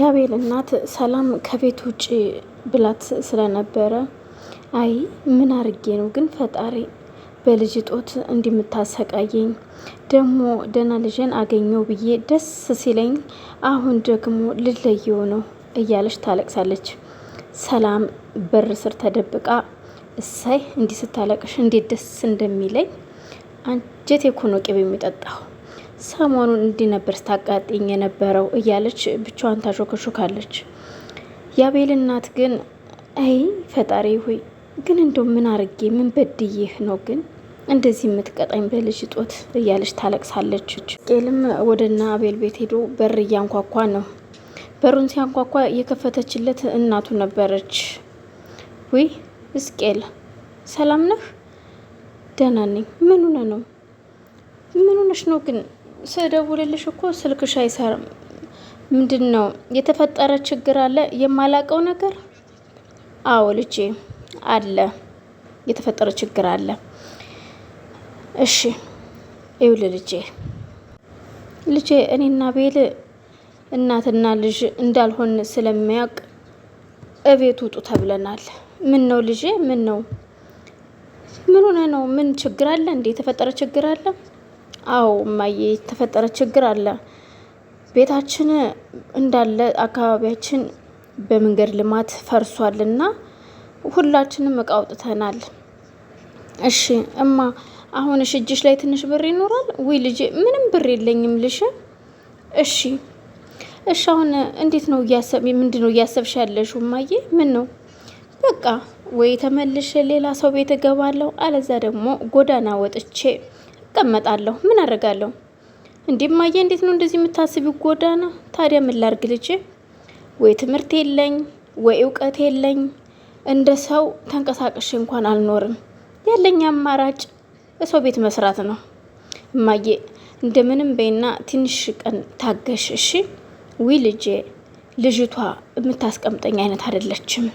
የአቤል እናት ሰላም ከቤት ውጭ ብላት ስለነበረ አይ ምን አርጌ ነው ግን ፈጣሪ በልጅ ጦት እንዲምታሰቃየኝ ደግሞ ደህና ልጄን አገኘው ብዬ ደስ ሲለኝ አሁን ደግሞ ልለየው ነው እያለች ታለቅሳለች። ሰላም በር ስር ተደብቃ እሳይ እንዲህ ስታለቅሽ እንዴት ደስ እንደሚለኝ አንጀቴ እኮ ነው ቅቤ የሚጠጣው ሰሞኑን እንዲህ ነበር ስታቃጥኝ የነበረው እያለች ብቻዋን ታሾከሾካለች። የአቤል እናት ግን አይ ፈጣሪ ሆይ ግን እንደው ምን አርጌ ምን በድዬህ ነው ግን እንደዚህ የምትቀጣኝ በልጅ ጦት እያለች ታለቅሳለች። ቄልም ወደና አቤል ቤት ሄዶ በር እያንኳኳ ነው። በሩን ሲያንኳኳ የከፈተችለት እናቱ ነበረች። ዊ እስቄል ሰላም ነህ? ደህና ነኝ። ምን ሆነ ነው? ምን ሆነሽ ነው ግን ስደውልልሽ እኮ ስልክሽ አይሰርም። ምንድን ነው የተፈጠረ? ችግር አለ? የማላቀው ነገር? አዎ ልጄ፣ አለ የተፈጠረ ችግር አለ። እሺ ይውል ልጄ ልጄ እኔና ቤል እናትና ልጅ እንዳልሆን ስለሚያውቅ እቤት ውጡ ተብለናል። ምን ነው ልጄ? ምን ነው? ምን ሆነ ነው? ምን ችግር አለ እንዴ? የተፈጠረ ችግር አለ? አዎ እማዬ የተፈጠረ ችግር አለ። ቤታችን እንዳለ አካባቢያችን በመንገድ ልማት ፈርሷልና ሁላችንም እቃ አውጥተናል። እሺ እማ አሁን እሺ እጅሽ ላይ ትንሽ ብር ይኖራል ወይ ልጄ? ምንም ብር የለኝም ልሽ። እሺ እሺ አሁን እንዴት ነው እያሰብ ምንድን ነው እያሰብሽ ያለሽው እማዬ? ምን ነው በቃ ወይ ተመልሼ ሌላ ሰው ቤት እገባለሁ፣ አለዛ ደግሞ ጎዳና ወጥቼ እቀመጣለሁ። ምን አደርጋለሁ? ማየ እንዴት ነው እንደዚህ የምታስቢው? ጎዳና ታዲያ ምን ላርግ ልጄ? ወይ ትምህርት የለኝ ወይ እውቀት የለኝ። እንደ ሰው ተንቀሳቀሽ እንኳን አልኖርም። ያለኝ አማራጭ እሰው ቤት መስራት ነው። እማዬ እንደምንም በይና ትንሽ ቀን ታገሽ እሺ። ዊ ልጄ፣ ልጅቷ የምታስቀምጠኝ አይነት አይደለችም።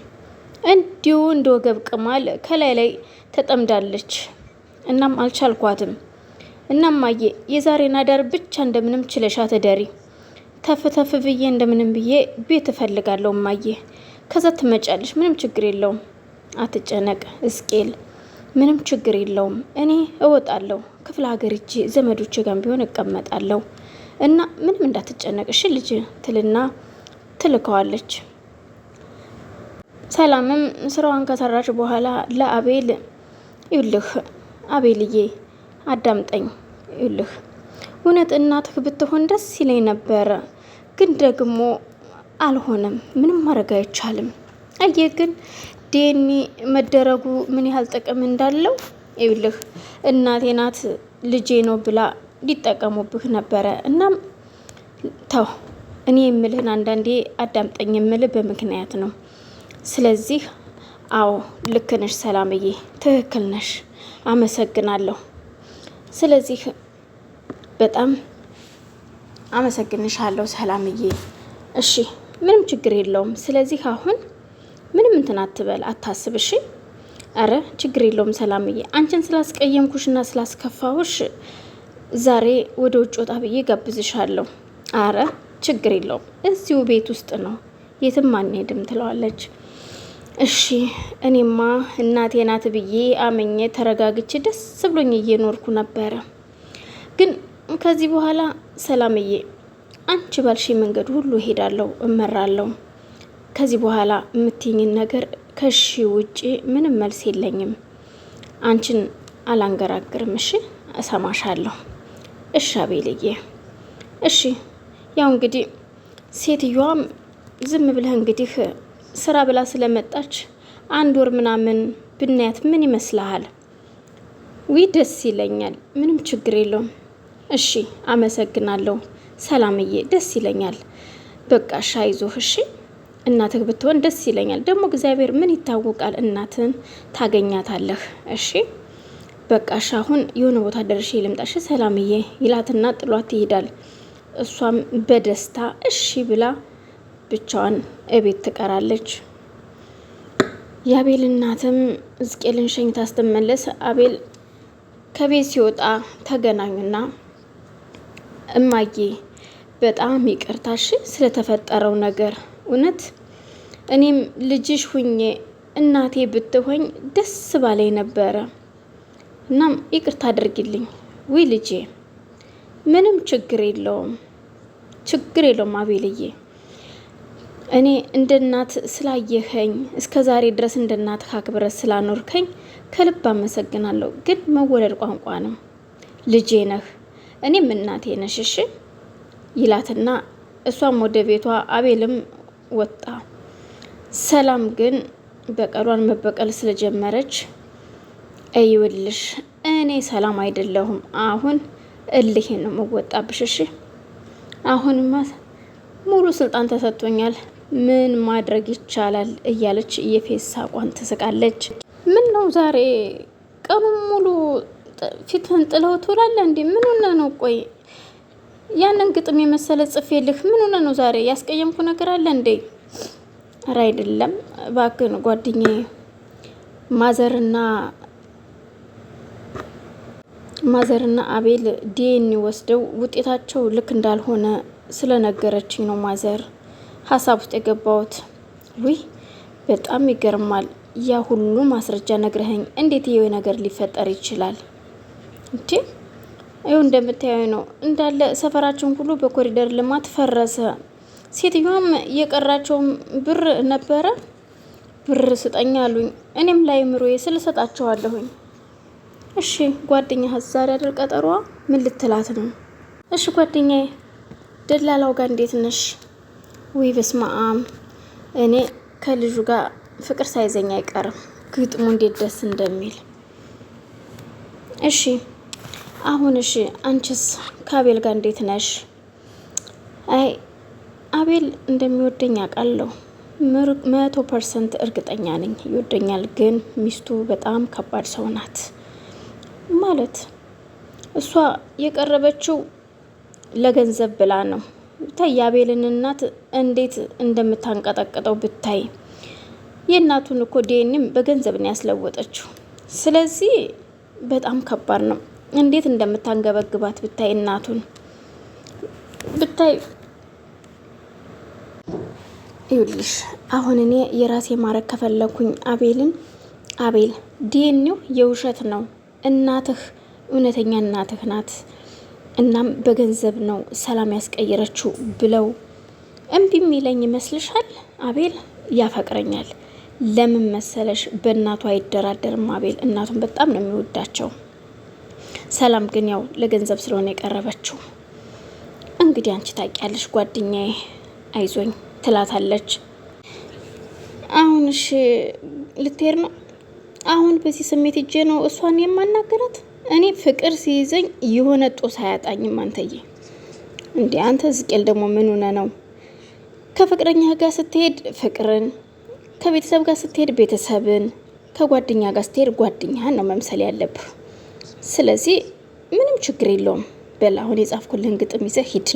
እንዲሁ እንደ ወገብ ቅማል ከላይ ላይ ተጠምዳለች። እናም አልቻልኳትም። እናማዬ የዛሬን አዳር ብቻ እንደምንም ችለሻ ተደሪ። ተፍተፍ ብዬ እንደምንም ብዬ ቤት እፈልጋለሁ እማዬ። ከዛ ትመጫለሽ፣ ምንም ችግር የለውም አትጨነቅ እስቄል፣ ምንም ችግር የለውም። እኔ እወጣለሁ ክፍለ ሀገር እጄ ዘመዶች ጋር ቢሆን እቀመጣለሁ እና ምንም እንዳትጨነቅሽ ልጅ ትልና ትልከዋለች። ሰላምም ስራዋን ከሰራች በኋላ ለአቤል ይውልህ አቤልዬ አዳምጠኝ ይልህ እውነት እናትህ ብትሆን ደስ ይለኝ ነበረ፣ ግን ደግሞ አልሆነም። ምንም ማድረግ አይቻልም። አየህ ግን ዴኒ መደረጉ ምን ያህል ጥቅም እንዳለው ይልህ እናቴ ናት ልጄ ነው ብላ ሊጠቀሙብህ ነበረ። እናም ተው፣ እኔ የምልህን አንዳንዴ አዳምጠኝ የምልህ በምክንያት ነው። ስለዚህ አዎ ልክ ነሽ ሰላምዬ፣ ትክክል ነሽ። አመሰግናለሁ ስለዚህ በጣም አመሰግንሻለሁ ሰላምዬ። እሺ ምንም ችግር የለውም። ስለዚህ አሁን ምንም እንትን አትበል አታስብ። እሺ አረ ችግር የለውም ሰላምዬ። አንቺን ስላስቀየምኩሽና ስላስከፋሁሽ ዛሬ ወደ ውጭ ወጣ ብዬ ጋብዝሻለሁ። አረ ችግር የለውም እዚሁ ቤት ውስጥ ነው፣ የትም አንሄድም ትለዋለች። እሺ እኔማ እናቴ ናት ብዬ አመኘ ተረጋግቼ ደስ ብሎኝ እየኖርኩ ነበረ። ግን ከዚህ በኋላ ሰላምዬ፣ አንቺ ባልሽ መንገድ ሁሉ ሄዳለው እመራለሁ። ከዚህ በኋላ የምትኝን ነገር ከሺ ውጪ ምንም መልስ የለኝም። አንቺን አላንገራግርም። እሺ እሰማሻለሁ። እሺ አቤልዬ። እሺ ያው እንግዲህ ሴትዮዋም ዝም ብለህ እንግዲህ ስራ ብላ ስለመጣች አንድ ወር ምናምን ብናያት ምን ይመስልሃል? ዊ ደስ ይለኛል። ምንም ችግር የለውም። እሺ አመሰግናለሁ ሰላምዬ፣ ደስ ይለኛል። በቃ እሺ፣ እሺ እናትህ ብትሆን ደስ ይለኛል። ደግሞ እግዚአብሔር ምን ይታወቃል፣ እናትን ታገኛታለህ። እሺ በቃ እሺ፣ አሁን የሆነ ቦታ ደርሼ ልምጣሽ ሰላምዬ ይላትና ጥሏት ይሄዳል። እሷም በደስታ እሺ ብላ ብቻዋን እቤት ትቀራለች። የአቤል እናትም ሕዝቅኤልን ሸኝታ ስትመለስ አቤል ከቤት ሲወጣ ተገናኙና እማዬ በጣም ይቅርታሽ ስለተፈጠረው ነገር እውነት እኔም ልጅሽ ሁኜ እናቴ ብትሆኝ ደስ ባላይ ነበረ። እናም ይቅርታ አድርጊልኝ። ውይ ልጄ ምንም ችግር የለውም ችግር የለውም አቤልዬ እኔ እንደ እናት ስላየኸኝ እስከ ዛሬ ድረስ እንደ እናት አክብረ ስላኖርከኝ ከልብ አመሰግናለሁ። ግን መወለድ ቋንቋ ነው። ልጄ ነህ፣ እኔም እናቴ ነሽ። ይላትና እሷም ወደ ቤቷ አቤልም ወጣ። ሰላም ግን በቀሏን መበቀል ስለጀመረች እይውልሽ እኔ ሰላም አይደለሁም። አሁን እልሄ ነው መወጣብሽ። እሺ አሁንማ ሙሉ ስልጣን ተሰጥቶኛል። ምን ማድረግ ይቻላል እያለች የፌስ ሳቋን ትስቃለች። ምን ነው ዛሬ ቀኑን ሙሉ ፊትህን ጥለው ትውላለህ እንዴ? ምን ሆነ ነው? ቆይ ያንን ግጥም የመሰለ ጽፌልህ ምን ሆነ ነው? ዛሬ ያስቀየምኩ ነገር አለ እንዴ? ኧረ አይደለም እባክህን ጓደኛዬ ማዘርና ማዘርና አቤል ዲኤንኤ ወስደው ውጤታቸው ልክ እንዳልሆነ ስለነገረችኝ ነው ማዘር ሀሳብ ውስጥ የገባሁት። ውይ በጣም ይገርማል። ያ ሁሉ ማስረጃ ነግረኸኝ እንዴት ይሄ ነገር ሊፈጠር ይችላል? እንዴ ይሁ እንደምታየው ነው እንዳለ ሰፈራችን ሁሉ በኮሪደር ልማት ፈረሰ። ሴትዮዋም የቀራቸውም ብር ነበረ። ብር ስጠኝ አሉኝ። እኔም ላይ ምሮዬ ስልሰጣቸዋለሁኝ። እሺ ጓደኛ ሀዛር አይደል ቀጠሮዋ? ምን ልትላት ነው? እሺ ጓደኛዬ፣ ደላላው ጋር እንዴት ነሽ? ወይ በስመ አብ! እኔ ከልጁ ጋር ፍቅር ሳይዘኝ አይቀርም። ግጥሙ እንዴት ደስ እንደሚል እሺ አሁን እሺ፣ አንቺስ ከአቤል ጋር እንዴት ነሽ? አይ አቤል እንደሚወደኝ አውቃለሁ። መቶ ፐርሰንት እርግጠኛ ነኝ ይወደኛል። ግን ሚስቱ በጣም ከባድ ሰው ናት። ማለት እሷ የቀረበችው ለገንዘብ ብላ ነው። ብታይ እናት እንዴት እንደምታንቀጠቅጠው ብታይ። የእናቱን እኮ ዴንም በገንዘብ ነው ያስለወጠችው። ስለዚህ በጣም ከባድ ነው። እንዴት እንደምታንገበግባት ብታይ፣ እናቱን ብታይ። ይኸውልሽ አሁን እኔ የራሴ ማድረግ ከፈለኩኝ አቤልን አቤል ዲኤንኤው የውሸት ነው። እናትህ እውነተኛ እናትህ ናት። እናም በገንዘብ ነው ሰላም ያስቀየረችው ብለው እምቢ የሚለኝ ይመስልሻል? አቤል ያፈቅረኛል። ለምን መሰለሽ? በእናቱ አይደራደርም አቤል። እናቱን በጣም ነው የሚወዳቸው። ሰላም ግን ያው ለገንዘብ ስለሆነ የቀረበችው። እንግዲህ አንቺ ታውቂያለሽ ጓደኛዬ፣ አይዞኝ ትላታለች። አሁን እሺ ልትሄድ ነው? አሁን በዚህ ስሜት እጄ ነው እሷን የማናገራት እኔ ፍቅር ሲይዘኝ የሆነ ጦስ አያጣኝም። አንተዬ እንዲ አንተ ዝቄል ደግሞ ምን ሆነ ነው? ከፍቅረኛ ጋር ስትሄድ ፍቅርን፣ ከቤተሰብ ጋር ስትሄድ ቤተሰብን፣ ከጓደኛ ጋር ስትሄድ ጓደኛህን ነው መምሰል ያለብህ። ስለዚህ ምንም ችግር የለውም። በል አሁን የጻፍኩልህን ግጥም ይዘህ ሂድ።